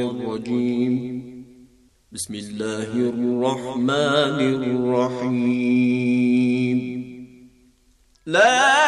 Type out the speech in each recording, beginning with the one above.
الرجيم بسم الله الرحمن الرحيم لا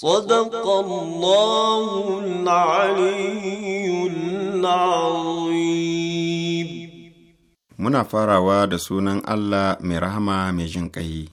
صدق الله العلي muna farawa da sunan Allah mai rahama mai jin ƙai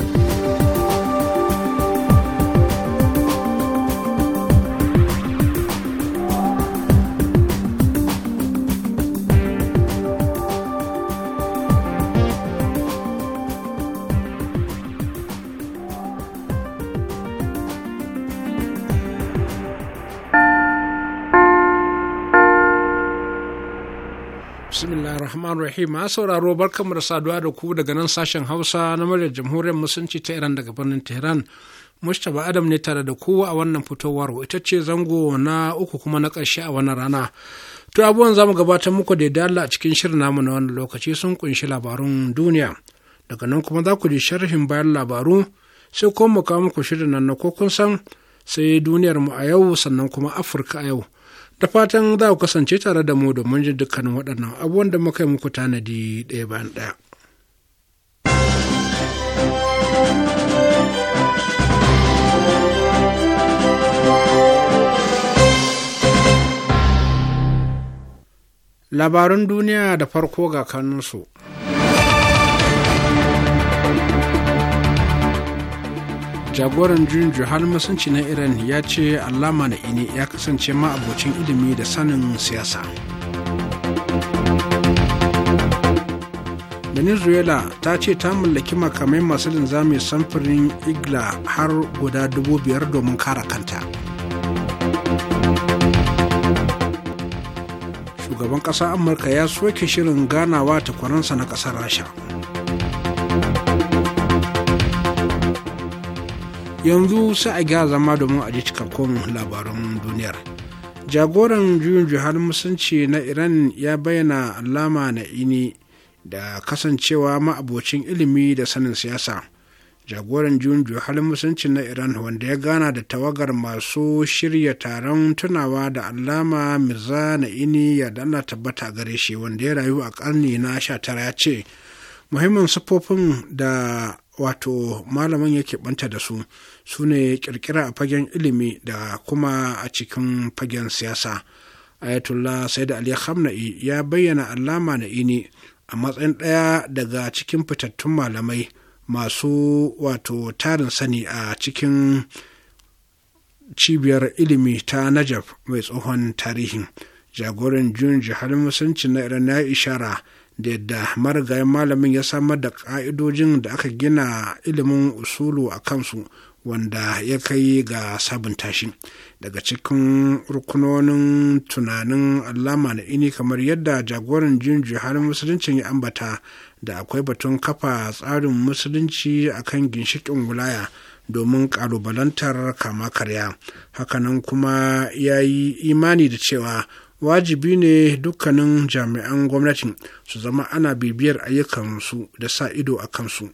rahman rahim a sauraro barkanmu da saduwa da ku daga nan sashen hausa na muryar jamhuriyar musulunci ta iran daga birnin tehran mustapha adam ne tare da kowa a wannan fitowar ita ce zango na uku kuma na ƙarshe a wannan rana to abubuwan zamu gabatar muku da dala a cikin shirin namu na wannan lokaci sun kunshi labarun duniya daga nan kuma za ku ji sharhin bayan labaru sai kuma mu kawo muku shirin nan na ko kun san sai duniyar mu a yau sannan kuma afirka a yau da fatan za ku kasance tare da mu domin jin dukkanin waɗannan abubuwan da muka yi muku tanadi ɗaya bayan ɗaya. Labarun duniya da farko ga kanunsu. jagoran juyin juhal musunci na iran ya ce alama na ini ya kasance ma abocin ilimi da sanin siyasa venezuela ta ce ta mallaki makamai masu linzami samfurin igla har guda dubu biyar domin kare kanta shugaban ƙasar amurka ya soke shirin ganawa takwaransa na ƙasar rasha yanzu sai a gyara zama domin a ji cikakkun labaran duniyar jagoran juyin juhar musulunci na iran ya bayyana alama na ini da kasancewa ma'abocin ilimi da sanin siyasa jagoran juyin juhar musulunci na iran wanda ya gana da tawagar masu shirya taron tunawa da alama mirza na ini ya dana tabbata gare shi wanda ya rayu a karni na 19 ya ce muhimmin siffofin da wato malamin yake banta da su su ne kirkira a fagen ilimi da kuma a cikin fagen siyasa ayatollah said ali hamna'i ya bayyana alama na ini a matsayin ɗaya daga cikin fitattun malamai masu wato tarin sani a cikin cibiyar ilimi ta najaf mai tsohon tarihin jagoran jun jihar musulunci na iran ya ishara da yadda marigayen malamin ya samar da ƙa'idojin da aka gina ilimin usulu a kansu wanda ya kai ga sabunta shi daga cikin rukunonin tunanin alama na ini kamar yadda jagoran jinju halin musuluncin ya ambata da akwai batun kafa tsarin musulunci akan kan ginshikin wilaya domin kalubalantar kama karya hakanan kuma ya yi imani da cewa wajibi ne dukkanin jami'an gwamnati su zama ana bibiyar ayyukansu da sa ido a kansu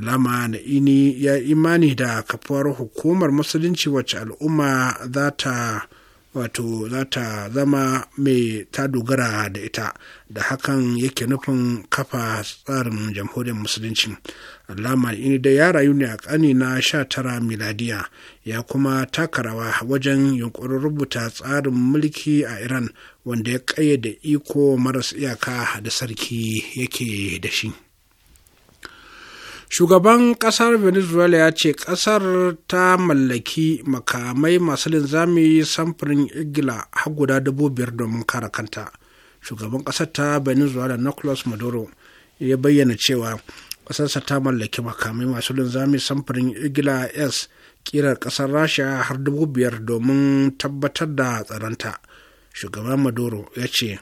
Lama na ini ya imani da kafuwar hukumar musulunci wacce al'umma za ta wato za ta zama mai ta dogara da ita da hakan yake nufin kafa tsarin jamhuriyar musulunci alama ini da ya rayu ne a ƙani na tara miladiya ya kuma taka rawa wajen yunƙurin rubuta tsarin mulki a iran wanda ya ƙayyade iko maras iyaka da sarki yake da shi shugaban kasar venezuela ya ce kasar ta mallaki makamai masu linzami samfurin igila har guda dubu biyar domin kare kanta shugaban kasar ta venezuela nicolas maduro ya bayyana cewa kasarsa ta mallaki makamai masu linzami samfurin igila s kirar kasar rasha har dubu biyar domin tabbatar da tsaronta shugaban maduro ya ce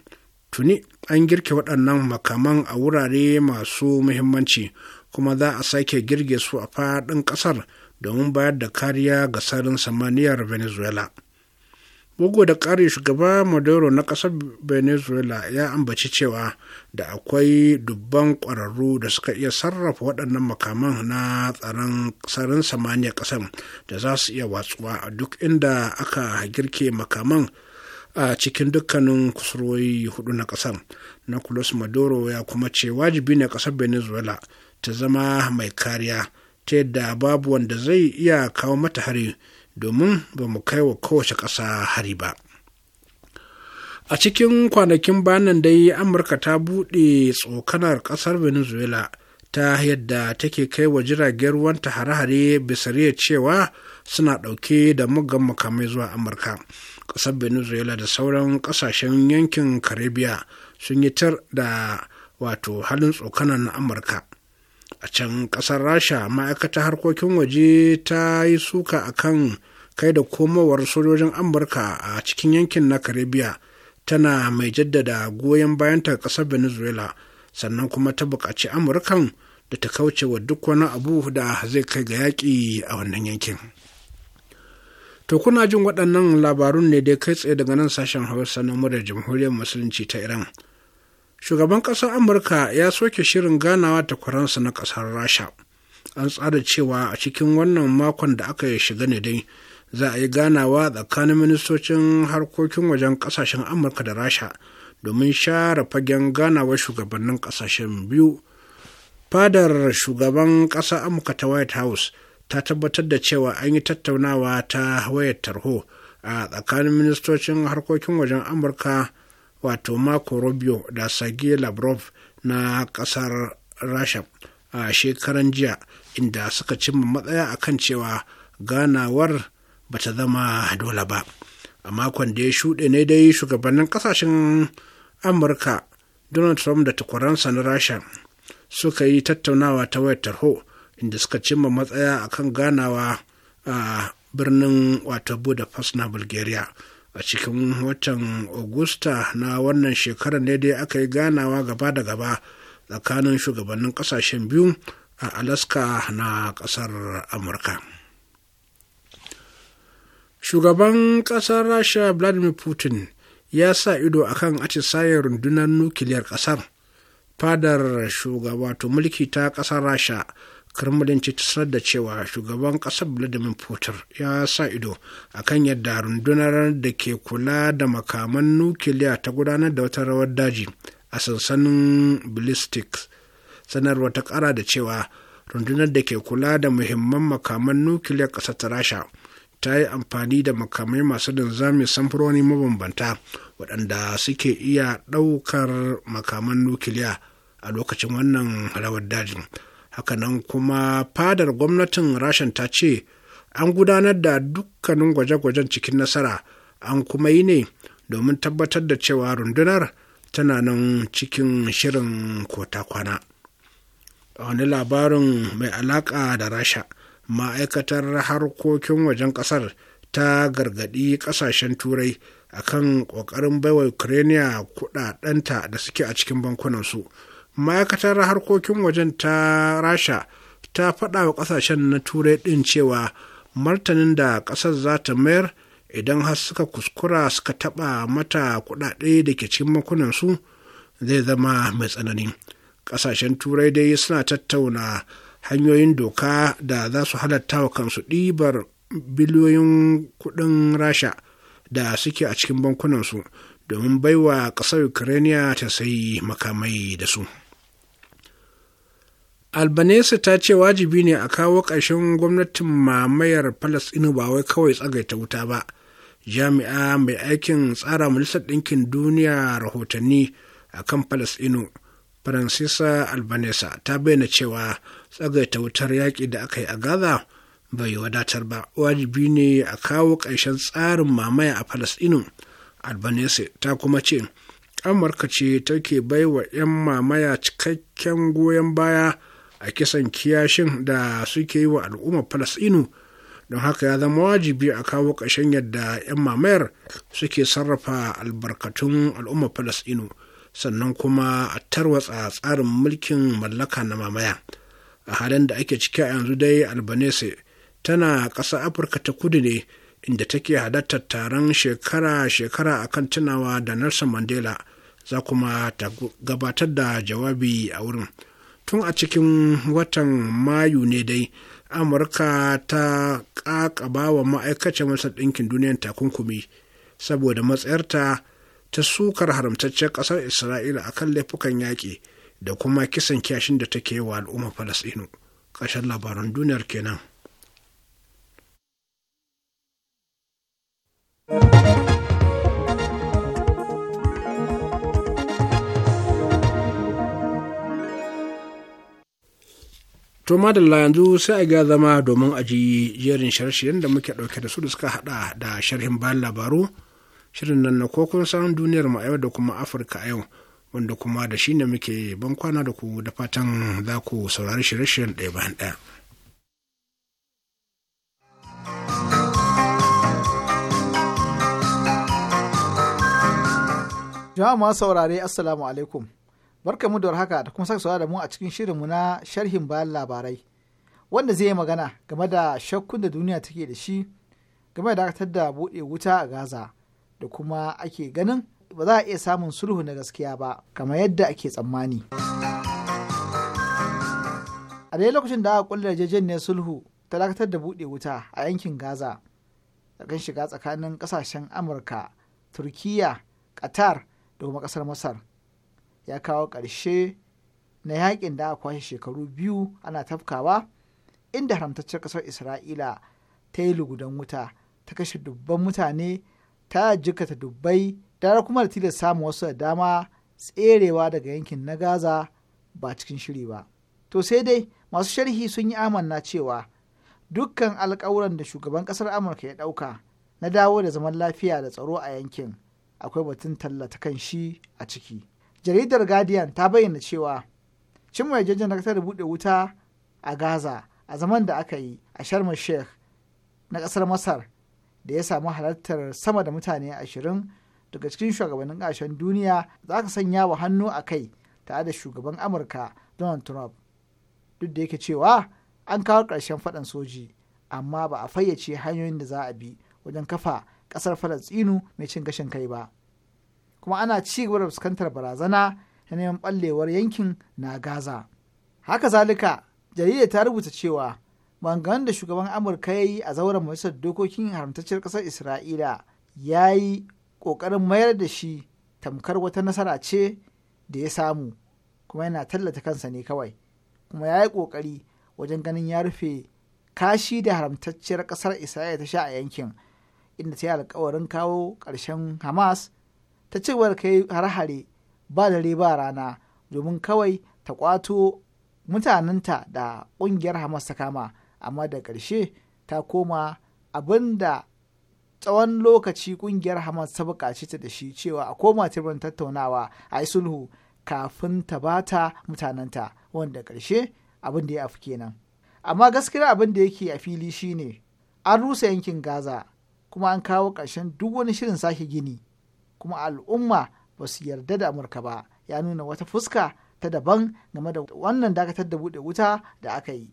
tuni an girke waɗannan makaman a wurare masu muhimmanci kuma za a sake girge su a faɗin ƙasar domin bayar da kariya ga sarin samaniyar venezuela bugu da ƙari shugaba maduro na ƙasar venezuela ya ambaci cewa da akwai dubban ƙwararru da suka iya sarrafa waɗannan makaman na tsaron sarin samaniyar ƙasar da za su iya watsuwa a duk inda aka girke makaman a cikin dukkanin kusurwoyi hudu na ƙasar na maduro ya kuma ce wajibi ne ƙasar venezuela ta zama mai kariya ta yadda babu wanda zai iya kawo mata hari domin ba mu kai wa kowace ƙasa hari ba a cikin kwanakin banan dai amurka ta buɗe tsokanar ƙasar venezuela ta yadda take kai wa jiragen ruwanta hare-hare bisariya cewa suna ɗauke da mugan makamai zuwa amurka ƙasar venezuela da sauran ƙasashen yankin caribbean sun yi tar da wato halin tsokanar na amurka a can kasar rasha ma'aikatar harkokin waje ta yi suka a kan kai da komowar sojojin amurka a cikin yankin na caribbean tana mai jaddada goyon bayanta kasar venezuela sannan kuma ta buƙaci amurkan da ta kauce wa duk wani abu da zai kai ga yaƙi a wannan yankin to kuna jin waɗannan labarun ne dai kai tsaye daga nan sashen hausa na murar jamhuriyar musulunci ta iran shugaban ƙasar amurka ya soke shirin ganawa ta kwaransa na ƙasar rasha an tsara cewa a cikin wannan makon da aka shiga ne dai za a yi ganawa tsakanin ministocin harkokin wajen ƙasashen amurka da rasha domin share fagen ganawar shugabannin ƙasashen biyu fadar shugaban ƙasar amurka ta white house ta tabbatar da cewa an yi tattaunawa ta wayar tarho a tsakanin ministocin harkokin wajen amurka wato marco rubio da sergei lavrov na kasar rasha a shekaran jiya inda suka cimma matsaya a kan cewa ganawar ba ta zama dole ba a makon da ya shuɗe ne dai shugabannin ƙasashen amurka donald trump da takwaransa na rasha suka yi tattaunawa ta wayar tarho inda suka cimma matsaya a kan ganawa a birnin wato budapest na bulgaria a cikin watan Agusta na wannan shekarar ne dai aka yi ganawa gaba da gaba tsakanin shugabannin kasashen biyu a Alaska na ƙasar Amurka. Shugaban ƙasar Rasha Vladimir Putin ya sa ido a kan atisayen rundunar nukiliyar ƙasar. Fadar shugaba mulki ta ƙasar Rasha kremlin ce ta da cewa shugaban ƙasar vladimir putin ya sa ido a kan yadda rundunar da ke kula da makaman nukiliya ta gudanar da wata rawar daji a sansanin ballistic sanarwa ta ƙara da cewa rundunar da ke kula da muhimman makaman nukiliya ƙasar ta rasha ta yi amfani da makamai masu linzami samfuroni mabambanta waɗanda suke iya ɗaukar makaman nukiliya a lokacin wannan rawar dajin. hakanan kuma fadar gwamnatin rashin ta ce an gudanar da dukkanin gwaje-gwajen cikin nasara an kuma yi ne domin tabbatar da cewa rundunar tana nan cikin shirin kota kwana a wani labarin mai alaƙa da rasha ma'aikatar harkokin wajen ƙasar ta gargaɗi ƙasashen turai akan ƙoƙarin baiwa ukraine kuɗaɗenta da suke a cikin bankunansu ma'aikatar harkokin wajen ta rasha ta faɗa wa ƙasashen na turai ɗin cewa martanin da ƙasar za ta mayar idan har suka kuskura suka taɓa mata kuɗaɗe da ke cikin makunansu zai zama mai tsanani ƙasashen turai dai suna tattauna hanyoyin doka da za su halatta wa kansu ɗibar biliyoyin kuɗin rasha da suke a cikin bankunansu domin baiwa ƙasar ukraine ta sayi makamai da su. albanese ta ce wajibi ne a kawo ƙarshen gwamnatin mamayar falasɗinu ba wai kawai tsagaita wuta ba jami'a mai aikin tsara majalisar ɗinkin duniya rahotanni a kan falasɗinu francisa albanesa ta bayyana cewa tsagaita wutar yaƙi da aka yi a gaza bai wadatar ba wajibi ne a kawo ƙarshen tsarin mamaya a falasɗinu albanese ta kuma ce amurka ce take baiwa 'yan mamaya cikakken goyon baya a kisan kiyashin da suke yi wa al'ummar falasɗinu don haka ya zama wajibi a kawo ƙashen yadda 'yan mamayar suke sarrafa albarkatun al'ummar falasɗinu sannan kuma a tarwatsa tsarin mulkin mallaka na mamaya a halin da ake ciki a yanzu dai albanese tana ƙasa afirka ta kudu ne inda take halartar taron shekara-shekara a kan tunawa da nelson mandela za kuma ta gabatar da jawabi a wurin. tun a cikin watan mayu ne dai amurka ta ƙaƙaba wa ma'aikacin masar ɗinkin duniyar takunkumi saboda matsayarta ta sukar haramtaccen ƙasar isra'ila kan laifukan yaƙi da kuma kisan kyashin da take wa al'ummar falasɗinu ƙarshen labaran duniyar kenan. To madalla yanzu sai a ga zama domin a ji jerin shirye da muke ɗauke da su da suka haɗa da sharhin bayan labaru, shirin nan na kokon san duniyar mu yau da kuma Afirka a yau, wanda kuma da shi ne muke ban kwana da ku da fatan za ku saurari shirye-shiryen ɗaya bayan ɗaya. Jama'a saurare Assalamu alaikum. Barka mu da haka da kuma sake da mu a cikin shirinmu na sharhin bayan labarai wanda zai yi magana game da shakkun da duniya take da shi game da dakatar da buɗe wuta a Gaza da kuma ake ganin ba za a iya samun sulhu na gaskiya ba kamar yadda ake tsammani. A dai lokacin da aka kulle ne sulhu ta dakatar da buɗe wuta a yankin Gaza kan shiga tsakanin ƙasashen Amurka, Turkiyya, Qatar da kuma ƙasar Masar. ya kawo ƙarshe na yakin da aka kwashe shekaru biyu ana tafkawa inda haramtaccen ƙasar isra'ila ta yi lugudan wuta ta kashe dubban mutane ta jikata dubbai tare kuma da tilas samun wasu da dama tserewa daga yankin na gaza ba cikin shiri ba to sai dai masu sharhi sun yi amanna cewa dukkan alkawuran da shugaban kasar amurka ya dauka na dawo da zaman lafiya da tsaro a yankin akwai batun tallata kan shi a ciki jaridar guardian ta bayyana cewa cin mai na kasar buɗe wuta a gaza a zaman da aka yi a sharma sheikh na kasar masar da ya samu halartar sama da mutane ashirin daga cikin shugabannin ƙasashen duniya za ka sanya wa hannu a kai tare da shugaban amurka donald trump duk da yake cewa an kawo ƙarshen faɗan soji amma ba a fayyace hanyoyin da za a bi wajen kafa ƙasar falastinu mai cin gashin kai ba kuma ana ci gaba da fuskantar barazana ta neman ɓallewar yankin na gaza haka zalika jarida ta rubuta cewa maganganun da shugaban amurka ya yi a zauren majalisar dokokin haramtacciyar ƙasar isra'ila ya yi ƙoƙarin mayar da shi tamkar wata nasara ce da ya samu kuma yana tallata kansa ne kawai kuma ya yi ƙoƙari wajen ganin ya rufe kashi da haramtacciyar ƙasar isra'ila ta sha a yankin inda ta yi alkawarin kawo ƙarshen hamas ta cewar da kai hare-hare ba dare ba rana domin kawai ta kwato mutanenta da ƙungiyar Hamas ta kama amma da karshe ta koma abinda tsawon lokaci ƙungiyar Hamas ta bukaci ta da shi cewa a koma teburin tattaunawa a yi sulhu kafin ta bata mutanenta wanda ƙarshe abin da ya afi kenan. Amma gaskiya abin da yake a fili shine an rusa yankin Gaza kuma an kawo ƙarshen duk wani shirin sake gini kuma al'umma ba su yarda da amurka ba ya nuna wata fuska ta daban game da wannan dakatar da buɗe wuta da aka yi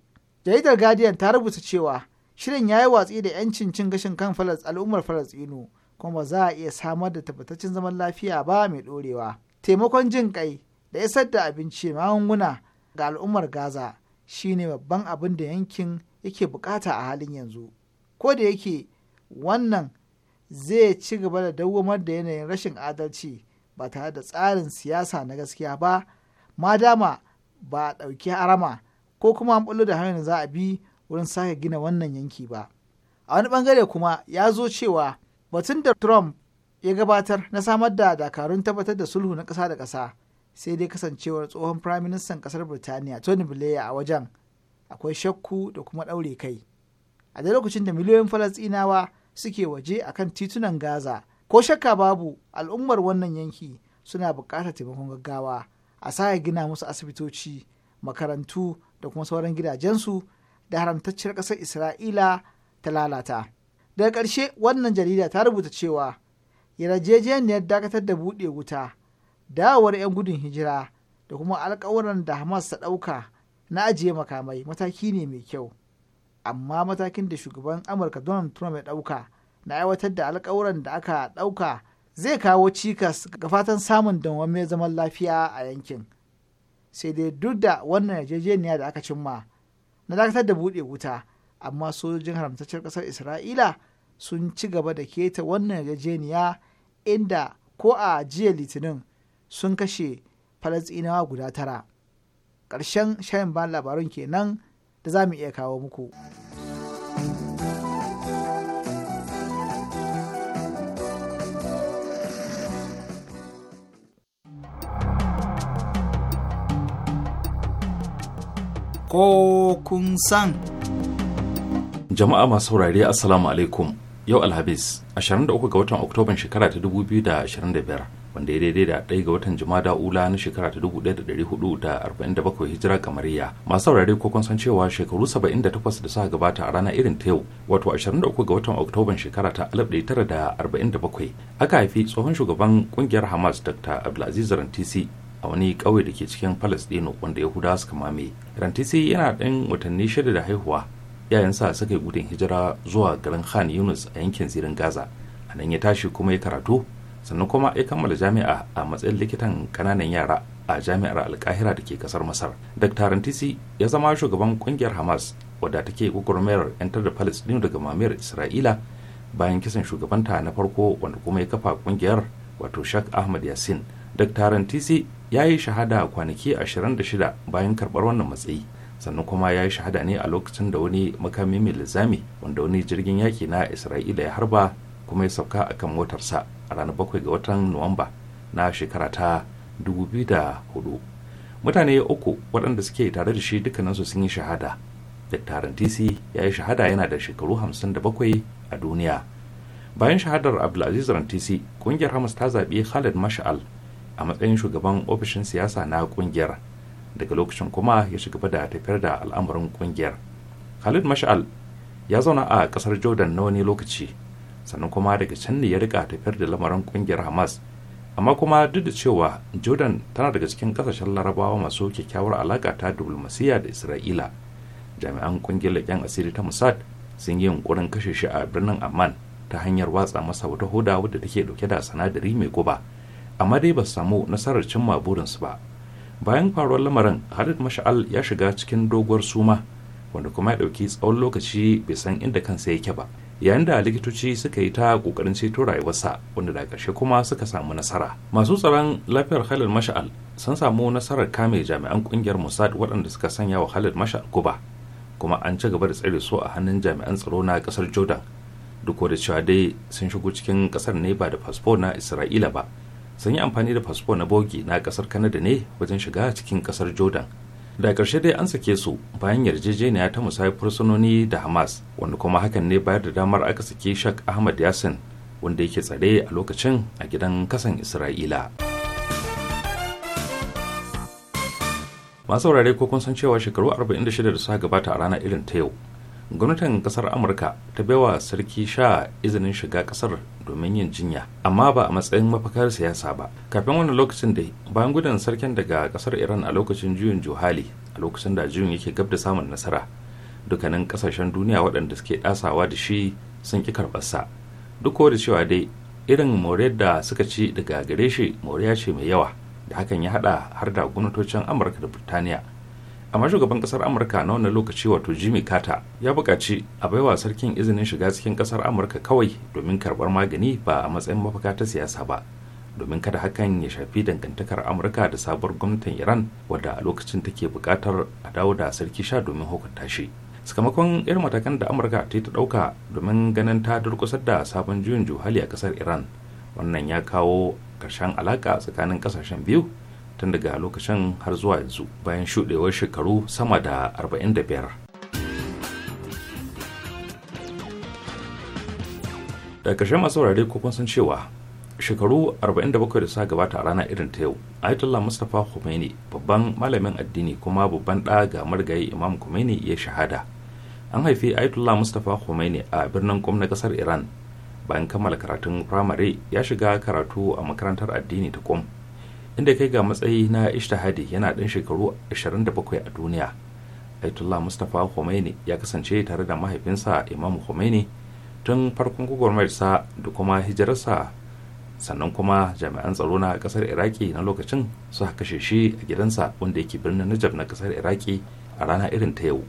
jaridar guardian ta rubuta cewa shirin ya yi watsi da yancin cin gashin kan Falas al'ummar falastinu kuma ba za a iya samar da tabbataccen zaman lafiya ba mai ɗorewa taimakon jin kai da isar da abinci magunguna ga al'ummar gaza shine babban abin da yankin yake bukata a halin yanzu ko da yake wannan zai ci gaba da dawwamar da yanayin rashin adalci ba tare da tsarin siyasa na gaskiya ba ma dama ba a ɗauki harama ko kuma an bullo da hanyar za a bi wurin sake gina wannan yanki ba a wani bangare kuma ya zo cewa batun da trump ya gabatar na samar da dakarun tabbatar da sulhu na ƙasa da ƙasa sai dai kasancewar tsohon firaministan ƙasar birtaniya tony blair a wajen akwai shakku da kuma ɗaure kai a da lokacin da miliyoyin falasɗinawa suke waje a kan titunan Gaza. Ko shakka babu al'ummar wannan yanki suna buƙatar taimakon gaggawa a sa gina musu asibitoci, makarantu da kuma sauran gidajensu da haramtacciyar ƙasar Isra'ila ta lalata. Daga ƙarshe wannan jarida ta rubuta cewa yarjejeniyar dakatar da buɗe wuta, dawowar 'yan gudun hijira da kuma alƙawuran da Hamas ta ɗauka na ajiye makamai mataki ne mai kyau. amma matakin da shugaban amurka donald trump ya ɗauka na aiwatar da alkawuran da aka ɗauka zai kawo cikas ga fatan samun mai zaman lafiya a yankin sai dai duk da wannan yarjejeniya da aka cimma na dakatar da buɗe wuta amma sojojin haramtaccen ƙasar isra'ila sun ci gaba da keta wannan yarjejeniya inda ko a jiya litinin sun kashe falasɗinawa guda tara ƙarshen shayin ba labarun kenan da za mu iya kawo muku. Ko kun san. Jama'a masu saurare Assalamu alaikum yau alhabis 23 ga watan Oktoban shekara ta 2025. wanda ya daidai da ɗaya ga watan jumada ula na shekara ta 1447 hijira kamariya masu saurare ko kun san cewa shekaru 78 da suka gabata a rana irin ta yau wato 23 ga watan oktoban shekara ta 1947 aka haifi tsohon shugaban kungiyar hamas dr abdulaziz rantisi a wani ƙauye da ke cikin palestino wanda ya huda suka mame rantisi yana ɗan watanni shida da haihuwa yayansa suka yi gudun hijira zuwa garin khan yunus a yankin zirin gaza a nan ya tashi kuma ya karatu sannan kuma ya kammala jami'a a matsayin likitan kananan yara a jami'ar alkahira da ke kasar masar dr rantisi ya zama shugaban kungiyar hamas wadda take gwagwarmayar 'yantar da din daga mamayar isra'ila bayan kisan shugabanta na farko wanda kuma ya kafa kungiyar wato shak ahmad yasin dr rantisi ya yi shahada kwanaki 26 bayan karbar wannan matsayi sannan kuma ya yi shahada ne a lokacin da wani makami mai lizami wanda wani jirgin yaki na isra'ila ya harba kuma ya sauka a kan motarsa a ranar bakwai ga watan nuwamba na shekara ta hudu. mutane uku waɗanda suke tare da shi dukkaninsu sun yi shahada taron tc ya yi shahada yana da shekaru hamsin da bakwai a duniya bayan shahadar abdulaziz rantisi ƙungiyar hamas ta zaɓi khalid mashal a matsayin shugaban ofishin siyasa na ƙungiyar, daga lokacin kuma ya shiga da tafiyar da al'amarin ƙungiyar. khalid mashal ya zauna a ƙasar jordan na wani lokaci sannan kuma daga can ne ya riga tafiyar da lamarin kungiyar hamas amma kuma duk da cewa jordan tana daga cikin kasashen larabawa masu kyakkyawar alaka ta diplomasiya da isra'ila jami'an kungiyar yan asiri ta mossad sun yi yunkurin kashe shi a birnin amman ta hanyar watsa masa wata hoda wadda take dauke da sanadari mai guba amma dai ba su samu nasarar cimma burinsu ba bayan faruwar lamarin halid mashal ya shiga cikin doguwar suma wanda kuma ya dauki tsawon lokaci bai san inda kansa yake ba yayin da likitoci suka yi ta kokarin ceto rayuwarsa wanda da ƙarshe kuma suka samu nasara masu tsaron lafiyar khalil mashal sun samu nasarar kame jami'an kungiyar mossad waɗanda suka sanya wa khalil mashal guba kuma an ci gaba da tsare su a hannun jami'an tsaro na ƙasar jordan duk da cewa dai sun shigo cikin ƙasar ne ba da fasfo na isra'ila ba sun yi amfani da fasfo na bogi na ƙasar kanada ne wajen shiga cikin ƙasar jordan da karshe dai an sake su bayan yarjejeniya ta musayar fursunoni da hamas wanda kuma hakan ne bayar da damar aka saki shak ahmad yasin wanda yake tsare a lokacin a gidan kasan isra'ila masu saurare ko kun san cewa shekaru 46 da suka gabata a ranar irin ta yau gwamnatin kasar amurka ta bai wa sarki sha izinin shiga kasar domin yin jinya amma ba a matsayin mafakar siyasa ba kafin wani lokacin da bayan gudun sarkin daga kasar iran a lokacin juyin juhali a lokacin da juyin yake gab da samun nasara dukkanin kasashen duniya waɗanda suke ɗasawa da shi sun ƙi karɓarsa duk da cewa dai irin moriyar da suka ci daga gare shi moriya ce mai yawa da hakan ya haɗa har da gwamnatocin amurka da Birtaniya. amma shugaban kasar amurka na wani lokaci wato jimmy carter ya buƙaci a baiwa sarkin izinin shiga cikin kasar amurka kawai domin karɓar magani ba a matsayin mafaka ta siyasa ba domin kada hakan ya shafi dangantakar amurka da sabuwar gwamnatin iran wadda a lokacin take buƙatar a dawo da sarki sha domin hukunta shi sakamakon irin matakan da amurka ta yi ta ɗauka domin ganin ta durƙusar da sabon juyin juhali a kasar iran wannan ya kawo ƙarshen alaƙa tsakanin ƙasashen biyu tun daga lokacin har zuwa yanzu bayan shuɗewar shekaru sama da 45 da ƙarshe masu wurare ko kun cewa shekaru 47 da suka gabata a rana irin ta yau ayatollah mustapha khomeini babban malamin addini kuma babban ɗa ga marigayi imam khomeini ya shahada an haifi ayatollah mustapha khomeini a birnin na kasar iran bayan kammala karatun firamare ya shiga karatu a makarantar addini ta kum. inda kai ga matsayi na ishtihadi yana ɗan shekaru 27 a duniya Aitullah Mustapha Khomeini ya kasance tare da mahaifinsa Imam Khomeini tun farkon sa da kuma hijirarsa sannan kuma jami'an tsaro na kasar Iraki na lokacin suka kashe shi a gidansa wanda yake birnin najab na kasar Iraki a rana irin ta yau.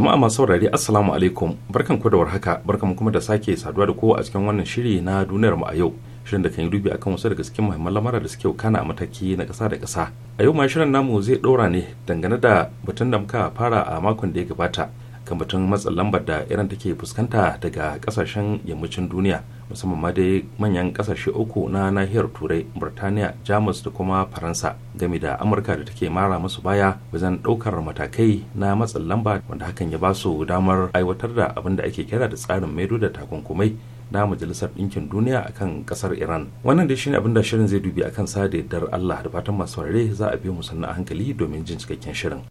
jama'a masu saurari assalamu alaikum barkan ku da warhaka barkan kuma da sake saduwa da kowa a cikin wannan shiri na duniyar mu a yau shirin da kan yi dubi akan wasu daga cikin muhimman lamura da suke kana a mataki na kasa da kasa a yau ma shirin namu zai ɗora ne dangane da batun da muka fara a makon da ya gabata kan batun matsin lambar da iran take fuskanta daga kasashen yammacin duniya musamman ma dai manyan kasashe uku na nahiyar turai burtaniya jamus da kuma faransa game da amurka da take mara masu baya wajen daukar matakai na matsin lamba wanda hakan ya ba su damar aiwatar da abin da ake kira da tsarin maido da takunkumai na majalisar ɗinkin duniya akan ƙasar iran wannan dai shine abin da shirin zai dubi akan sa da yardar allah da fatan masu za a biyo mu sannan hankali domin jin cikakken shirin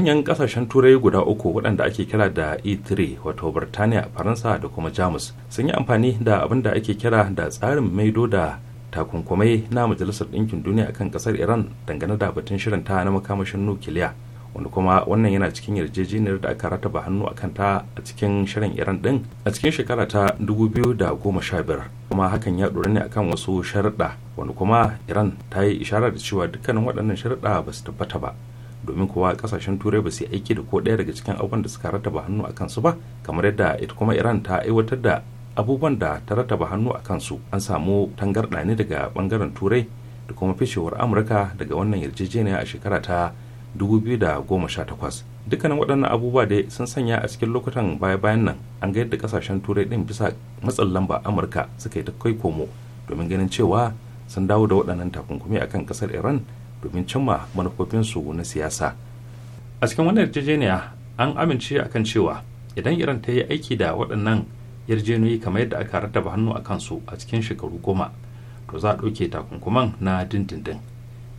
manyan kasashen turai guda uku waɗanda ake kira da e3 wato birtaniya faransa da kuma jamus sun yi amfani da abin da ake kira da tsarin maido da takunkumai na majalisar ɗinkin duniya akan kasar iran dangane da batun shirin ta na makamashin nukiliya wanda kuma wannan yana cikin yarjejeniyar da aka rataba hannu a kanta a cikin shirin iran din a cikin shekara ta 2015 kuma hakan ya dora ne akan wasu sharaɗa wanda kuma iran ta yi ishara da cewa dukkanin waɗannan sharaɗa ba su tabbata ba domin kuwa kasashen turai ba su yi aiki da ko ɗaya daga cikin abubuwan da suka rataba hannu a kansu ba kamar yadda ita kuma iran ta aiwatar da abubuwan da ta rataba hannu a kansu an samu tangarɗa ne daga ɓangaren turai da kuma fishewar amurka daga wannan yarjejeniya a shekara ta 2018 dukkanin waɗannan abubuwa dai sun sanya a cikin lokutan baya-bayan nan an ga yadda kasashen turai ɗin bisa matsin lamba amurka suka yi ta kai komo domin ganin cewa sun dawo da waɗannan takunkumi akan ƙasar iran domin cimma manufofinsu na siyasa a cikin wannan yarjejeniya an amince a kan cewa idan iran ta yi aiki da waɗannan yarjejeniyoyi kamar yadda aka rattaba hannu a kansu a cikin shekaru goma to za a ɗauke takunkuman na dindindin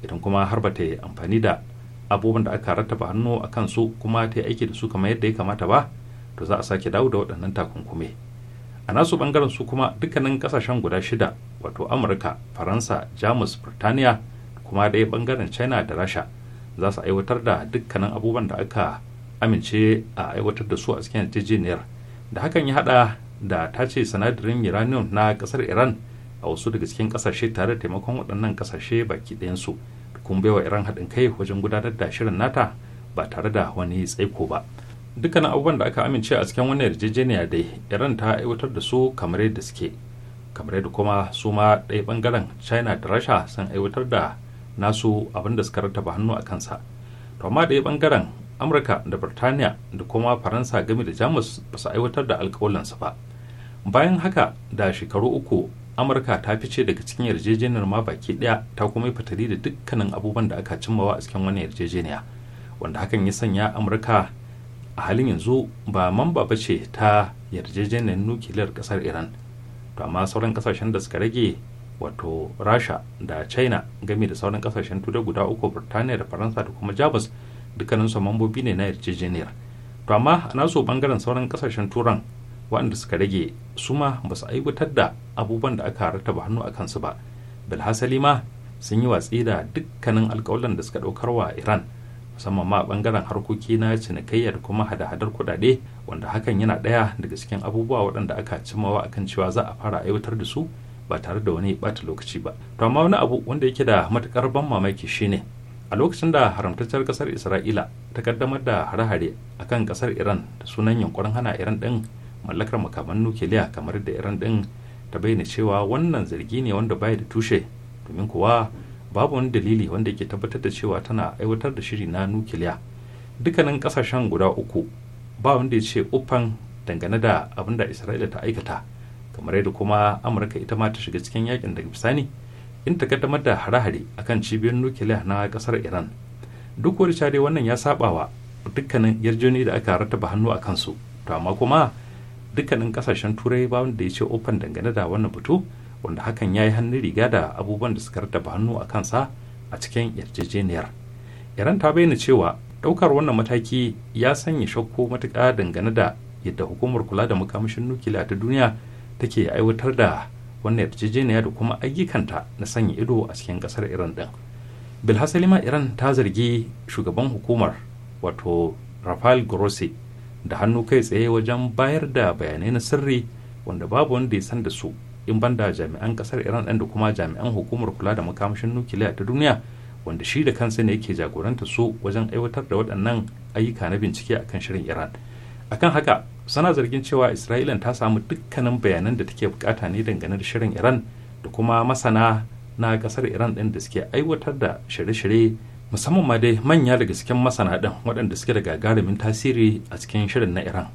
idan kuma har ba ta yi amfani da abubuwan da aka rattaba hannu a kansu kuma ta yi aiki da su kamar yadda ya kamata ba to za a sake dawo da waɗannan takunkumi a nasu bangaren su kuma dukkanin kasashen guda shida wato amurka faransa jamus birtaniya kuma dai bangaren china da rasha za su aiwatar da dukkanin abubuwan da aka amince a aiwatar da su a cikin yarjejeniyar da hakan ya hada da ta ce sinadarin uranium na kasar iran a wasu daga cikin kasashe tare da taimakon waɗannan kasashe baki ɗayansu da kuma baiwa iran haɗin kai wajen gudanar da shirin nata ba tare da wani tsaiko ba dukkanin abubuwan da aka amince a cikin wannan yarjejeniya dai iran ta aiwatar da su kamar yadda suke kamar yadda kuma su ma ɗaya bangaren china da rasha sun aiwatar da nasu abin da suka rattaba hannu a kansa to amma ɗaya bangaren amurka da birtaniya da kuma faransa game da jamus ba su aiwatar da alkawalinsu ba bayan haka da shekaru uku amurka ta fice daga cikin yarjejeniyar ma baki ɗaya ta kuma yi fatali da dukkanin abubuwan da aka cimmawa a cikin wani yarjejeniya wanda hakan ya sanya amurka a halin yanzu ba mamba ba ce ta yarjejeniyar nukiliyar kasar iran to amma sauran kasashen da suka rage wato rasha da china game da sauran kasashen turai guda uku birtaniya da faransa da kuma jamus dukkaninsu mambobi ne na yarjejeniyar to amma a bangaren sauran kasashen turan waɗanda suka rage su ma ba su aiwatar da abubuwan da aka rataba hannu a kansu ba bilhassali ma sun yi watsi da dukkanin alkawalan da suka ɗaukar wa iran musamman ma a bangaren harkoki na cinikayya da kuma hada-hadar kuɗaɗe wanda hakan yana ɗaya daga cikin abubuwa waɗanda aka cimawa akan cewa za a fara aiwatar da su ba tare da wani bata lokaci ba to amma wani abu wanda yake da matukar ban mamaki shine a lokacin da haramtaccen kasar isra'ila ta kaddamar da hare-hare akan kasar iran da sunan yunkurin hana iran din mallakar makaman nukiliya kamar da iran din ta bayyana cewa wannan zargi ne wanda baya da tushe domin kuwa babu wani dalili wanda ke tabbatar da cewa tana aiwatar da shiri na nukiliya dukkanin kasashen guda uku ba wanda ya ce uffan dangane da abin da isra'ila ta aikata kamar yadda kuma amurka ita ma ta shiga cikin yakin daga bisani in ta kaddamar da hare-hare kan cibiyar nukiliya na kasar iran duk wani share wannan ya sabawa dukkanin yarjejeniyar da aka rattaba hannu a kansu to amma kuma dukkanin kasashen turai ba wanda ya ce open dangane da wannan batu wanda hakan ya yi hannun riga da abubuwan da suka rattaba hannu a kansa a cikin yarjejeniyar iran ta bayyana cewa daukar wannan mataki ya sanya shakku matuƙa dangane da yadda hukumar kula da makamashin nukiliya ta duniya take aiwatar da wannan yarjejeniya da kuma ayyukanta na sanya ido a cikin kasar iran din bilhassalima iran ta zargi shugaban hukumar wato rafael grossi da hannu kai tsaye wajen bayar da bayanai na sirri wanda babu wanda ya san da su in banda jami'an kasar iran ɗin da kuma jami'an hukumar kula da makamashin nukiliya ta duniya wanda shi da kansa ne yake jagoranta su wajen aiwatar da waɗannan ayyuka na bincike akan shirin iran akan haka suna zargin cewa isra'ila ta samu dukkanin bayanan da take bukata ne dangane da shirin iran da kuma masana na kasar iran din da suke aiwatar da shirye-shirye musamman ma dai manya daga cikin masana din waɗanda suke da gagarumin tasiri a cikin shirin na iran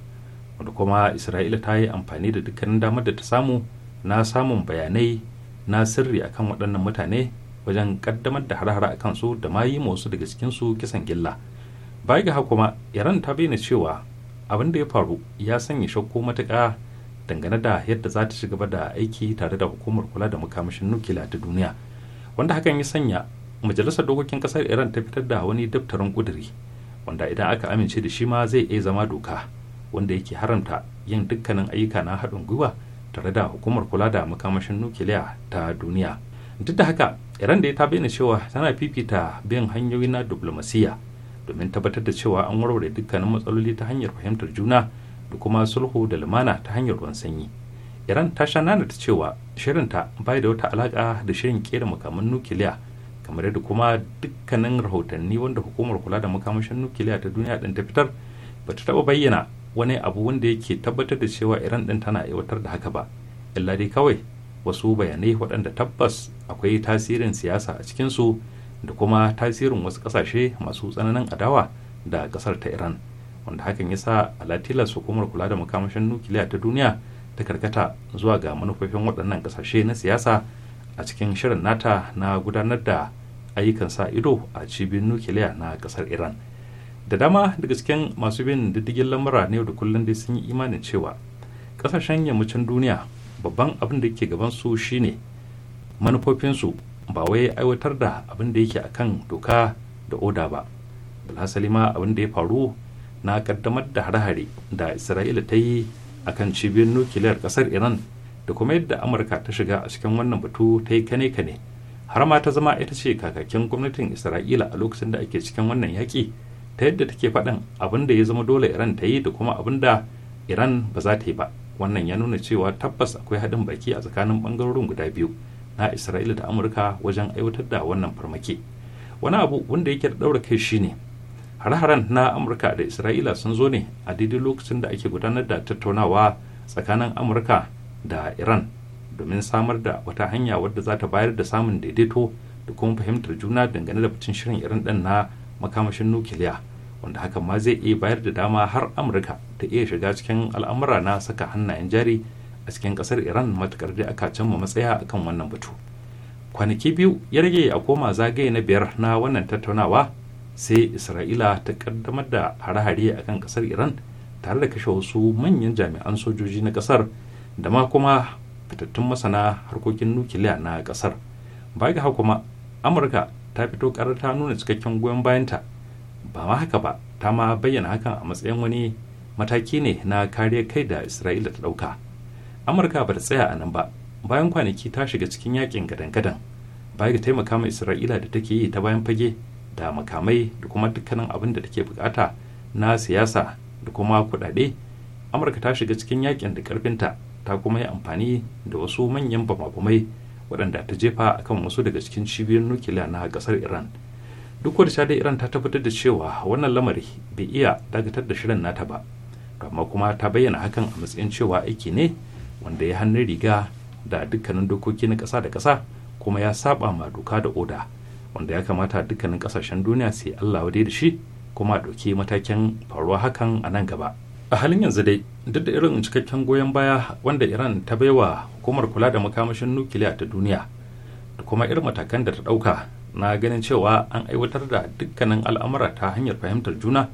wanda kuma isra'ila ta yi amfani da dukkanin damar da ta samu na samun bayanai na sirri akan waɗannan mutane wajen kaddamar da hare-hare a kansu da ma yi wasu daga su kisan gilla baya ga hakuma iran ta bayyana cewa abin da ya faru ya sanya shakku matuƙa dangane da yadda za ta ci gaba da aiki tare da hukumar kula da makamashin nukiliya ta duniya wanda hakan ya sanya majalisar dokokin kasar iran ta fitar da wani daftarin kuduri wanda idan aka amince da shi ma zai iya zama doka wanda yake haramta yin dukkanin ayyuka na haɗin gwiwa tare da hukumar kula da makamashin nukiliya ta duniya duk da haka iran da ya ta bayyana cewa tana fifita bin hanyoyi na diplomasiyya domin tabbatar da cewa an warware dukkanin matsaloli ta hanyar fahimtar juna da kuma sulhu da lumana ta hanyar ruwan sanyi iran ta sha nana ta cewa shirinta bai da wata alaka da shirin kera makaman nukiliya kamar yadda kuma dukkanin rahotanni wanda hukumar kula da makamashin nukiliya ta duniya din ta fitar ba ta taba bayyana wani abu wanda yake tabbatar da cewa iran din tana aiwatar da haka ba illa dai kawai wasu bayanai waɗanda tabbas akwai tasirin siyasa a cikinsu su da kuma tasirin wasu kasashe masu tsananin adawa da kasar ta iran wanda hakan ya sa alatilas hukumar kula da makamashin nukiliya ta duniya ta karkata zuwa ga manufofin waɗannan kasashe na siyasa a cikin shirin nata na gudanar da ayyukan sa ido a cibiyar nukiliya na kasar iran da dama daga cikin masu bin diddigin lamura yau da kullum dai sun yi imanin cewa kasashen yammacin duniya babban abin da ke gabansu shine manufofinsu ba wai aiwatar da abin da yake akan doka da oda ba alhasali ma abin da ya faru na kaddamar da hare-hare da isra'ila ta yi a kan cibiyar nukiliyar kasar iran da kuma yadda amurka ta shiga a cikin wannan batu ta yi kane-kane har ma ta zama ita ce kakakin gwamnatin isra'ila a lokacin da ake cikin wannan yaƙi ta yadda take faɗin abin da ya zama dole iran ta yi da kuma abin da iran ba za ta yi ba wannan ya nuna cewa tabbas akwai haɗin baki a tsakanin ɓangarorin guda biyu na isra'ila da amurka wajen aiwatar da wannan farmaki wani abu wanda yake da daura kai shine hare-haren na amurka da isra'ila sun zo ne a daidai lokacin da ake gudanar da tattaunawa tsakanin amurka da iran domin samar da wata hanya wadda za ta bayar da samun daidaito da kuma fahimtar juna dangane da batun shirin iran din na makamashin nukiliya wanda hakan ma zai iya bayar da dama har amurka ta iya shiga cikin al'amura na saka hannayen jari a cikin kasar iran matukar da aka mu matsaya akan wannan batu kwanaki biyu ya rage a koma zagaye na biyar na wannan tattaunawa sai isra'ila ta kaddamar da hare-hare kan kasar iran tare da kashe wasu manyan jami'an sojoji na kasar da ma kuma fitattun masana harkokin nukiliya na kasar ba ga kuma amurka ta fito karar ta nuna cikakken goyon bayanta ba ma haka ba ta ma bayyana hakan a matsayin wani mataki ne na kariyar kai da isra'ila ta ɗauka amurka ba ta tsaya a nan ba bayan kwanaki ta shiga cikin yakin gadan-gadan baya ga taimaka ma isra'ila da take yi ta bayan fage da makamai da kuma dukkanin abin da take bukata na siyasa da kuma kudade amurka ta shiga cikin yakin da karfinta ta kuma yi amfani da wasu manyan bamagumai waɗanda ta jefa akan wasu daga cikin cibiyar nukiliya na ƙasar iran duk wadda sha iran ta tabbatar da cewa wannan lamari bai iya dakatar da shirin nata ba amma kuma ta bayyana hakan a matsayin cewa aiki ne wanda ya hannun riga da dukkanin dokoki na ƙasa da ƙasa kuma ya saba ma doka da oda wanda ya kamata dukkanin ƙasashen duniya su yi allah wadai da shi kuma a ɗauki matakin faruwa hakan a nan gaba a halin yanzu dai duk da irin cikakken goyon baya wanda iran ta baiwa hukumar kula da makamashin nukiliya ta duniya da kuma irin matakan da ta ɗauka na ganin cewa an aiwatar da dukkanin al'amura ta hanyar fahimtar juna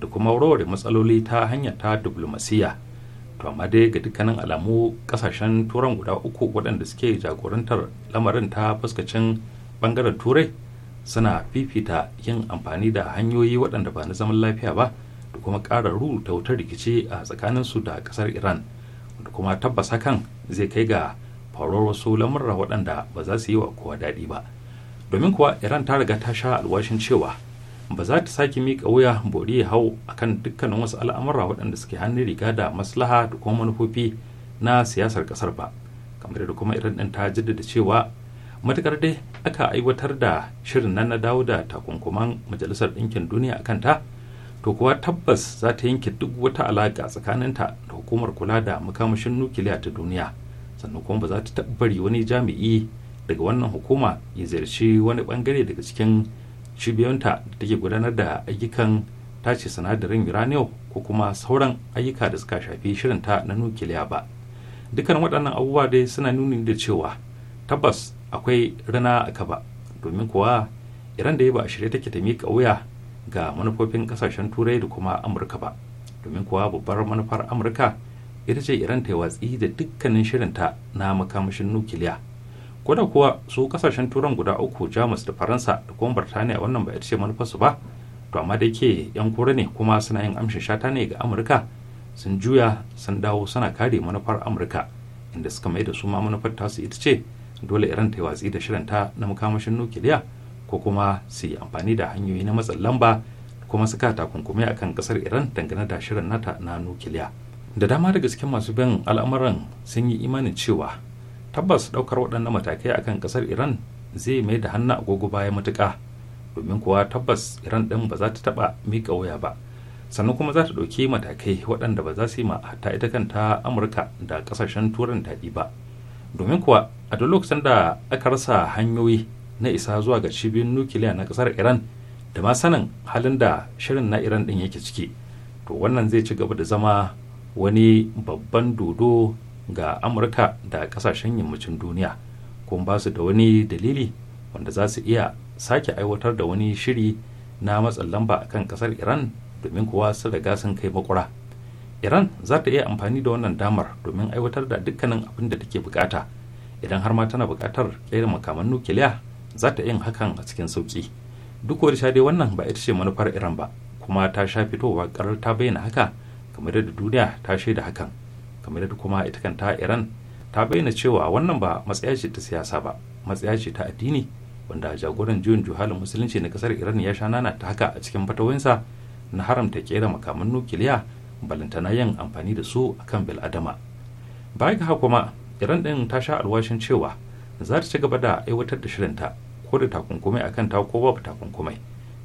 da kuma warware matsaloli ta hanyar ta diplomasiya to amma dai ga dukkanin alamu kasashen turan guda uku waɗanda suke jagorantar lamarin ta fuskacin bangaren turai suna fifita yin amfani da hanyoyi waɗanda ba na zaman lafiya ba da kuma ƙara ta wutar rikici a tsakaninsu da ƙasar iran da kuma tabbas kan zai kai ga faruwar wasu lamurra waɗanda ba za su yi wa kowa daɗi ba domin kuwa iran ta riga ta sha alwashin cewa ba za ta sake miƙa wuya bori ya hau akan dukkanin wasu al'amura waɗanda suke hannun riga da maslaha da kuma manufofi na siyasar ƙasar ba kamar da kuma irin ɗin ta jaddada cewa matukar dai aka aiwatar da shirin nan na dawo da takunkuman majalisar ɗinkin duniya a kanta to kuwa tabbas za ta yanke duk wata alaƙa tsakaninta da hukumar kula da makamashin nukiliya ta duniya sannan kuma ba za ta taɓa bari wani jami'i daga wannan hukuma ya ziyarci wani bangare daga cikin cibiyonta da ke gudanar da ayyukan tace sinadarin uranium ko kuma sauran ayyuka da suka shafi shirinta na nukiliya ba dukkan waɗannan abubuwa dai suna nuni da cewa tabbas akwai rana a kaba domin kuwa iran da ya ba a shirye take ta miƙa wuya ga manufofin ƙasashen turai da kuma amurka ba domin kuwa babbar manufar amurka ita ce iran ta yi watsi da dukkanin shirinta na makamashin nukiliya koda kuwa su kasashen turan guda uku jamus da faransa da kuma birtaniya wannan ba ita ce manufarsu ba to amma da ke yan kura ne kuma suna yin amshin shata ne ga amurka sun juya sun dawo suna kare manufar amurka inda suka mai da su ma manufar tasu ita ce dole iran ta yi watsi da shirinta na makamashin nukiliya ko kuma su yi amfani da hanyoyi na matsin lamba kuma suka takunkumi a kan kasar iran dangane da shirin nata na nukiliya da dama da gaske masu bin al'amuran sun yi imanin cewa tabbas ɗaukar waɗannan matakai akan ƙasar iran zai mai da hannu agogo baya matuƙa domin kuwa tabbas iran ɗin ba za ta taɓa miƙa waya ba sannan kuma za ta ɗauki matakai waɗanda ba za su yi ma ta ita kanta amurka da ƙasashen turan daɗi ba domin kuwa a duk lokacin da aka rasa hanyoyi na isa zuwa ga cibiyoyin nukiliya na ƙasar iran da ma sanin halin da shirin na iran ɗin yake ciki to wannan zai ci gaba da zama wani babban dodo ga amurka da kasashen yammacin duniya kuma ba su da wani dalili wanda za su iya sake aiwatar da wani shiri na matsin lamba a kan kasar iran domin kuwa su riga sun kai makura iran za ta iya amfani da wannan damar domin aiwatar da dukkanin abin da take bukata idan har ma tana bukatar kera makaman nukiliya za ta yin hakan a cikin sauki duk wani dai wannan ba ita ce manufar iran ba kuma ta sha fitowa karar ta bayyana haka kamar da duniya ta shaida hakan kamar yadda kuma ita kanta iran ta bayyana cewa wannan ba matsaya ce ta siyasa ba matsaya ce ta addini wanda jagoran juyin juhalin musulunci na kasar iran ya sha nana ta haka a cikin fatawoyinsa na haramta kera makaman nukiliya balantana yin amfani da su akan bil'adama baya ga kuma iran din ta sha alwashin cewa za ta ci gaba da aiwatar da shirinta ko da takunkumai akan ta ko babu takunkumai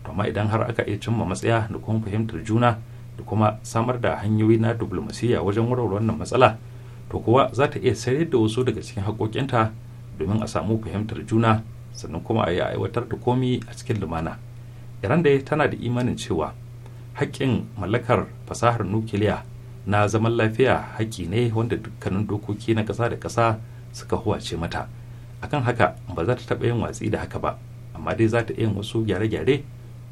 amma idan har aka iya cimma matsaya da kuma fahimtar juna da kuma samar da hanyoyi na diplomasiya wajen warware wannan matsala to kuwa za ta iya sayar da wasu daga cikin haƙoƙinta domin a samu fahimtar juna sannan kuma a yi aiwatar da komi a cikin lumana iran dai tana da imanin cewa haƙƙin mallakar fasahar nukiliya na zaman lafiya haƙƙi ne wanda dukkanin dokoki na ƙasa da ƙasa suka huwace mata akan haka ba za ta taɓa yin watsi da haka ba amma dai za ta iya wasu gyare-gyare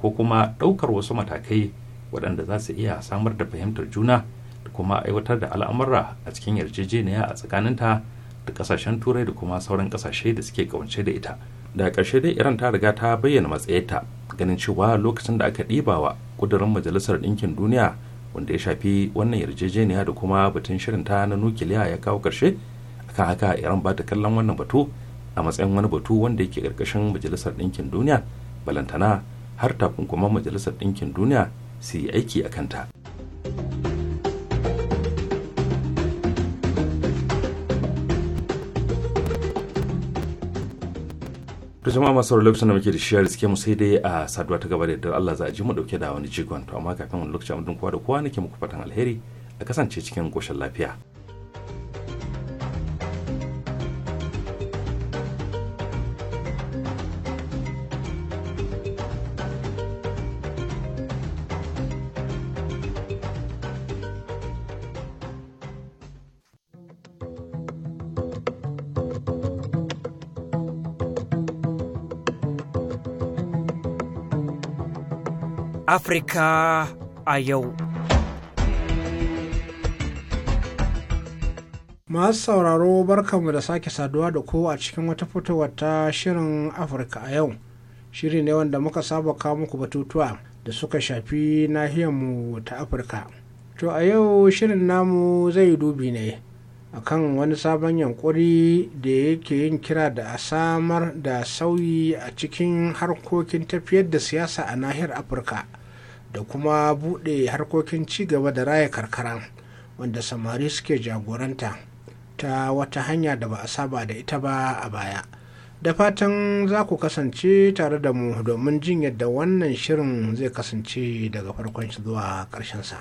ko kuma ɗaukar wasu matakai waɗanda za su iya samar da fahimtar juna da kuma aiwatar da al'amurra a cikin yarjejeniya a tsakaninta da ƙasashen turai da kuma sauran ƙasashe da suke kawance da ita da ƙarshe dai iran ta riga ta bayyana matsayinta ganin cewa lokacin da aka ɗiba wa ƙudurin majalisar ɗinkin duniya wanda ya shafi wannan yarjejeniya da kuma batun shirin ta na nukiliya ya kawo ƙarshe akan haka iran ba ta kallon wannan batu a matsayin wani batu wanda yake ƙarƙashin majalisar ɗinkin duniya balantana har takunkuman majalisar ɗinkin duniya su yi aiki a kanta to jama'a masu lokacin da muke da shiyar suke mu sai dai a saduwa ta gaba da yadda Allah za a ji mu dauke da wani jigon to amma kafin wani lokacin mun kowa da kowa nake muku fatan alheri a kasance cikin koshin lafiya Afirka a yau. Masu sauraro barkanmu da sake saduwa da ku a cikin wata fitowar ta shirin Afirka a yau. Shiri ne wanda muka saba kawo muku batutuwa da suka shafi nahiyarmu ta Afirka. To a yau shirin namu zai yi dubi ne a kan wani sabon yankuri da yake yin kira da a samar da sauyi a cikin harkokin tafiyar da siyasa a nahiyar Afirka. da kuma buɗe harkokin ci gaba da raya karkara wanda samari suke jagoranta ta wata hanya da ba a saba da ita ba a baya da fatan za ku kasance tare da mu domin jin yadda wannan shirin zai kasance daga farkon zuwa ƙarshensa.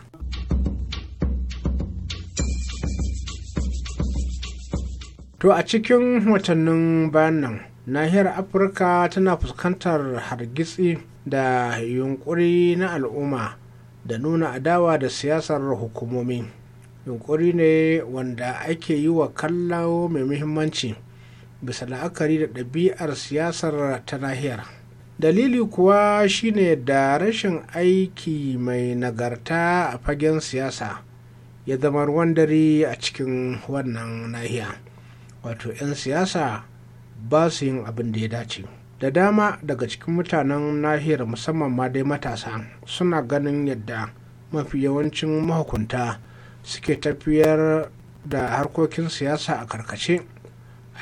To a cikin watannin bayan nan, nahiyar Afirka tana fuskantar hargitsi da yunkuri na al'umma da nuna adawa da siyasar hukumomi yunkuri ne wanda ake yi wa kallawo mai muhimmanci bisa la'akari da ɗabi'ar siyasar ta nahiyar dalili kuwa shine da rashin aiki mai nagarta a fagen siyasa ya zama ruwan dare a cikin wannan nahiya wato 'yan siyasa ba su yin abin da ya dace da dama daga cikin mutanen nahiyar musamman ma dai matasa suna ganin yadda mafi yawancin mahukunta suke tafiyar da harkokin siyasa a karkace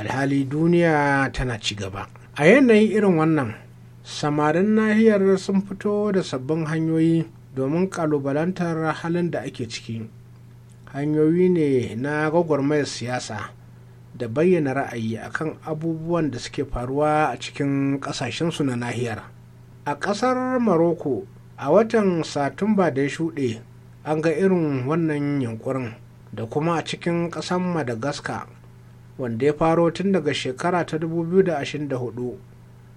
alhali duniya tana ci gaba a yanayin irin wannan samarin nahiyar sun fito da sabbin hanyoyi domin kalubalantar halin da ake ciki hanyoyi ne na gwagwarmayar siyasa da bayyana ra'ayi akan abubuwan da suke faruwa a cikin ƙasashensu na nahiyar a ƙasar maroko a watan satumba da ya shuɗe an ga irin wannan yankurin da kuma a cikin ƙasar madagascar wanda ya faro tun daga shekara ta 2024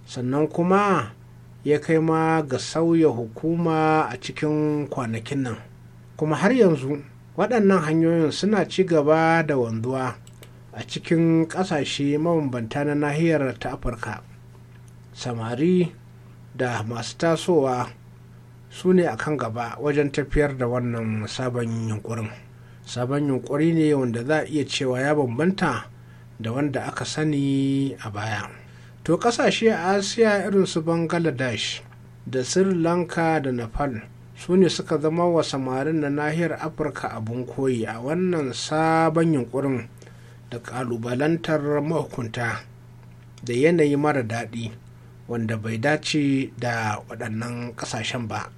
sannan kuma ya kai ma ga sauya hukuma a cikin kwanakin nan kuma har yanzu waɗannan hanyoyin suna ci gaba da wanzuwa a cikin ƙasashe mabambanta na nahiyar ta afirka samari da masu tasowa su ne a kan gaba wajen tafiyar da wannan sabon yunkurin sabon yunkuri ne wanda za a iya cewa ya bambanta da wanda aka sani a baya to ƙasashe a asiya irin su bangladesh da sri lanka da nepal su ne suka zama wa samarin na nahiyar afirka abun koyi a wannan sabon yunkurin da ƙalubalantar mahukunta da yanayi mara daɗi wanda bai dace da waɗannan ƙasashen ba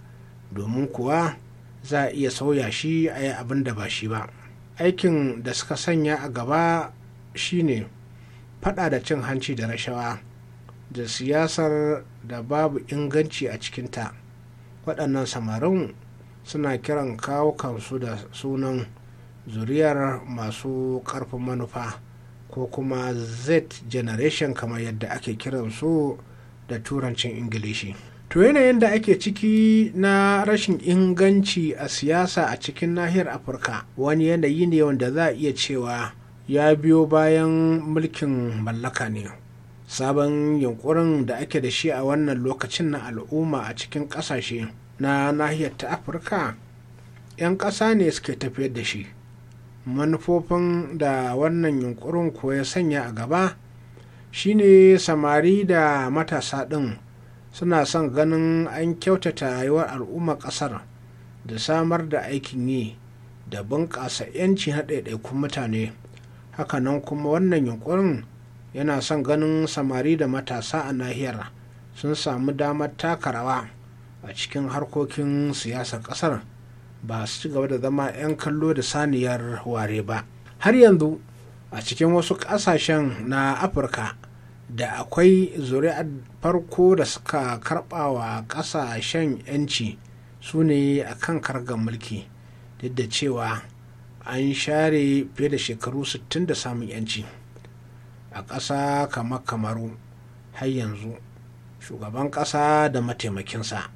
domin kuwa za a iya sauya shi a yi abin da ba shi ba aikin da suka sanya a gaba shine faɗa da cin hanci da rashawa da siyasar da babu inganci a cikinta waɗannan samarin suna kiran kawo kansu da sunan zuriyar masu ƙarfin manufa ko kuma z generation kamar yadda ake kiran su da turancin ingilishi to yanayin da ake ciki na rashin inganci a siyasa a cikin nahiyar afirka wani yanayi ne wanda za a iya cewa ya biyo bayan mulkin mallaka ne sabon yunkurin da ake da shi a wannan lokacin na al'umma a cikin ƙasashe na nahiyar ta afirka 'yan ƙasa ne suke tafiyar da shi manufofin da wannan yunkurin ko ya sanya a gaba shine samari da matasa ɗin suna son ganin an kyautata yawar al'umma ƙasar da samar da aikin yi da bunƙasa 'yanci na ɗaiɗaikun mutane hakanan kuma wannan yunkurin yana son ganin samari da matasa a nahiyar sun samu damar taka rawa a cikin harkokin siyasar ƙasar ba su ci gaba da zama 'yan kallo da saniyar ware ba har yanzu a cikin wasu ƙasashen na afirka da akwai zuri'ar farko da suka karɓa wa ƙasashen 'yanci su ne a kan kargar mulki duk da cewa an share fiye da shekaru 60 da samun 'yanci a ƙasa kamar kamaru har yanzu shugaban ƙasa da mataimakinsa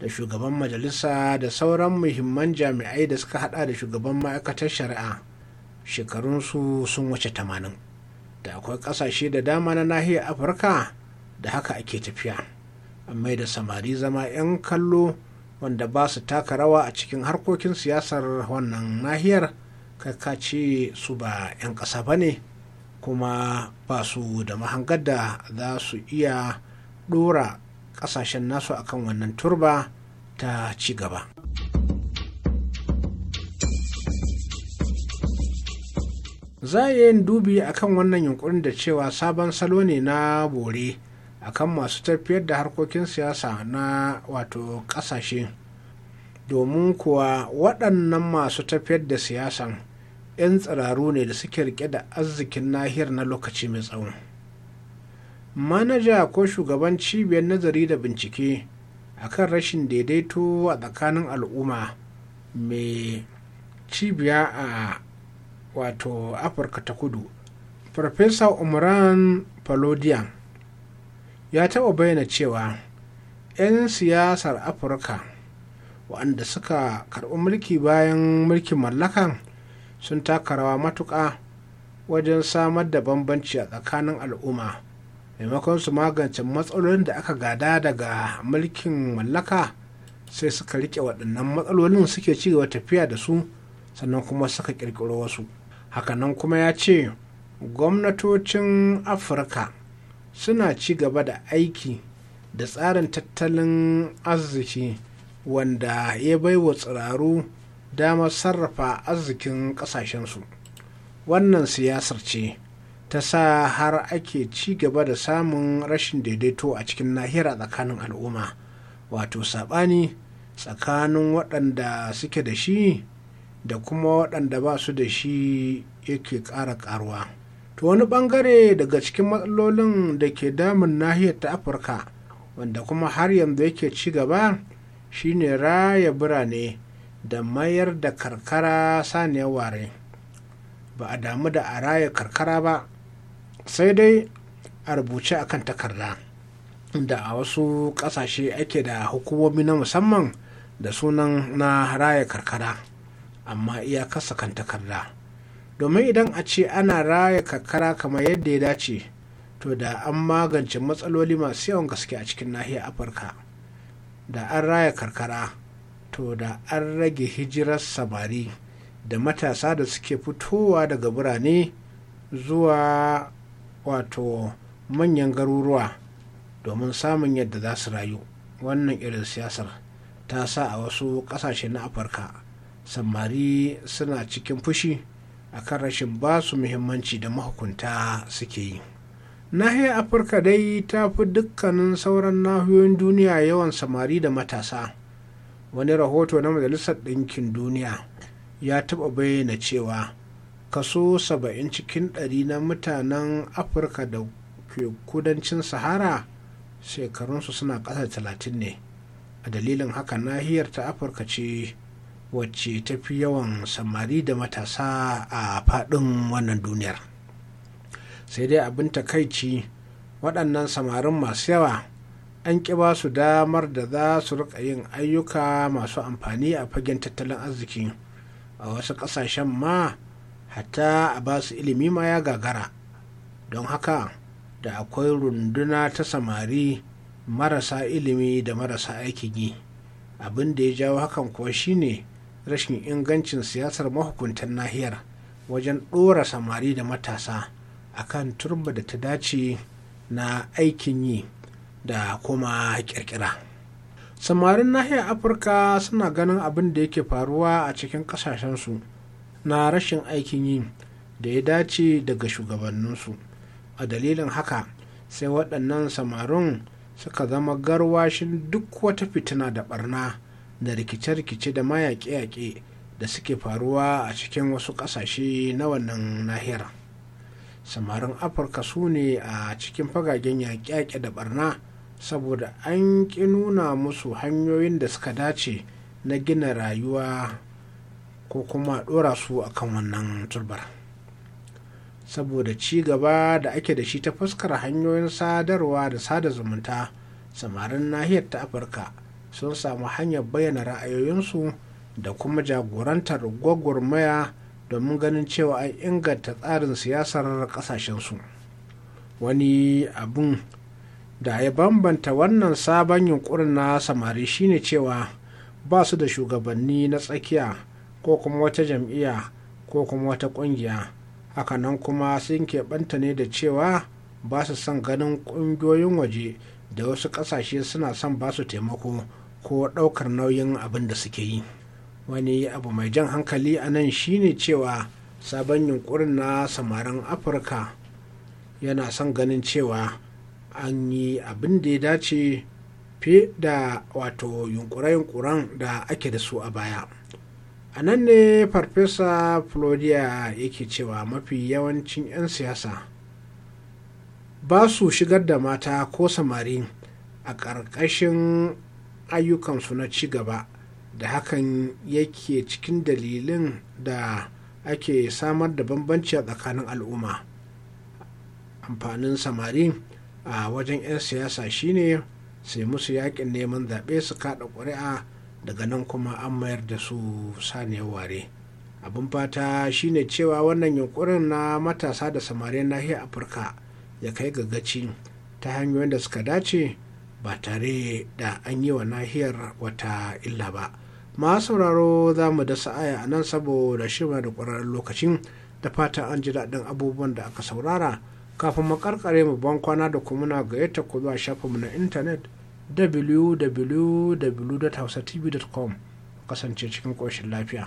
da shugaban majalisa da sauran muhimman jami'ai da suka hada da shugaban ma'aikatar shari'a shekarunsu sun wuce tamanin da akwai kasashe da dama na nahiyar afirka da haka ake tafiya amma da samari zama 'yan kallo wanda ba su taka rawa a cikin harkokin siyasar wannan nahiyar kakace su ba 'yan ƙasa ba ne kuma ba su da mahangar da za su iya dora ƙasashen nasu akan wannan turba ta ci gaba. za a yin dubi akan wannan yunkurin da cewa sabon salo ne na bore akan masu tafiyar da harkokin siyasa na wato kasashe domin kuwa waɗannan masu tafiyar da siyasan 'yan tsiraru ne da suke rike da arzikin nahiyar na lokaci mai tsawo. manaja ko shugaban cibiyar nazari da bincike akan rashin daidaito a tsakanin al'umma mai cibiya a wato afirka ta kudu farfesa umran falodian ya taɓa bayyana cewa 'yan siyasar afirka waɗanda suka karɓi mulki bayan mulkin mallakan sun taka rawa matuƙa wajen samar da bambanci a tsakanin al'umma maimakon su magance matsalolin da aka gada daga mulkin mallaka sai suka rike waɗannan matsalolin suke ci gaba tafiya da su sannan kuma suka ƙirƙiro wasu hakanan kuma ya ce gwamnatocin afirka suna ci gaba da aiki da tsarin tattalin arziki wanda ya bai wa tsiraru damar sarrafa arzikin ƙasashensu wannan siyasar ce ta sa har ake ci gaba da samun rashin daidaito a cikin nahiyar a tsakanin al'umma wato saɓani tsakanin waɗanda suke da shi da kuma waɗanda ba su da shi yake ƙara ƙaruwa to wani ɓangare daga cikin matsalolin da ke damun nahiyar ta afirka wanda kuma har yanzu yake ci gaba shine raya birane da mayar da karkara saniya ware ba a damu da a raya karkara ba sai dai a rubuce a kan takarda da a wasu ƙasashe ake da hukumomi na musamman da sunan na raya karkara amma iya kasa kan takarda domin idan a ce ana raya karkara kamar yadda ya dace to da an magance matsaloli masu yawan gaske a cikin nahiyar afirka da an raya karkara to da an rage hijirar samari da matasa da suke fitowa daga birane zuwa wato manyan garuruwa domin samun yadda za su rayu wannan irin siyasar ta sa a wasu kasashe na afirka samari suna cikin fushi akan rashin ba su muhimmanci da mahukunta suke yi nahiyar afirka dai ta fi dukkanin sauran nahiyoyin duniya yawan samari da matasa wani rahoto na majalisar ɗinkin duniya ya taɓa bayyana cewa kaso 70 cikin ɗari na mutanen afirka da ke kudancin sahara shekarunsu suna ƙasa 30 ne a dalilin haka nahiyar ta afirka ce wacce ta fi yawan samari da matasa a faɗin wannan duniyar sai dai abin takaici waɗannan samarin masu yawa an ƙi ba su damar da za su rika yin ayyuka masu amfani a fagen tattalin arziki a wasu ƙasashen ma hatta a ba su ilimi ma ya gagara don haka da akwai runduna ta samari marasa ilimi da marasa aikin yi abin da ya jawo hakan kuwa shine rashin ingancin siyasar mahukuntar nahiyar wajen ɗora samari da matasa akan turba da ta dace na aikin yi da kuma kirkira samarin nahiyar afirka suna ganin abin da yake faruwa a cikin kasashensu na rashin aikin yi da ya dace daga shugabanninsu a dalilin haka sai waɗannan samarin suka zama garwashin duk wata fitina da barna da rikice-rikice da mayaƙe-yaƙe da suke faruwa a cikin wasu ƙasashe na wannan nahiyar samarin afirka su ne a cikin fagagen yaƙe-yaƙe da barna saboda an ƙi nuna musu hanyoyin da suka dace na gina rayuwa ko kuma ɗora su akan wannan turbar saboda ci gaba da ake da shi ta fuskar hanyoyin sadarwa da sada zumunta samarin nahiyar ta afirka sun samu hanyar bayyana ra'ayoyinsu da kuma jagorantar gwagwarmaya domin ganin cewa an inganta tsarin siyasar kasashensu wani abin da ya bambanta wannan sabon yunkurin na samari shine cewa ba su da shugabanni na tsakiya ko kuma wata jam'iyya ko kuma wata ƙungiya hakanan kuma sun keɓanta ne da cewa ba su son ganin ƙungiyoyin waje da wasu ƙasashe suna son ba su taimako ko ɗaukar nauyin abin da suke yi wani abu mai jan hankali a nan shine cewa sabon yunkurin na samarin afirka yana son ganin cewa an yi abin da ya dace fi da wato yunkure-yunkuren da ake da su a baya a nan ne farfesa florida yake cewa mafi yawancin 'yan siyasa ba su shigar da mata ko samari a ƙarƙashin ayyukansu na ci gaba da hakan yake cikin dalilin da ake samar da bambanci a tsakanin al'umma amfanin samari a wajen 'yan siyasa shine sai musu yakin neman zaɓe su kaɗa ƙuri'a daga nan kuma an mayar da su sani ware abin fata shine cewa wannan yunkurin na matasa da samarin nahiyar afirka ya kai ga ta hanyoyin da suka dace ba tare da an yi wa nahiyar wata illa ba ma sauraro za mu da sa'aya a nan saboda shirma da ƙwararren lokacin da fata an ji daɗin abubuwan da aka saurara kafin mu karkare mu ban kwana da kuma na gayyata ku zuwa shafinmu na intanet www.hausatv.com kasance cikin ƙoshin lafiya.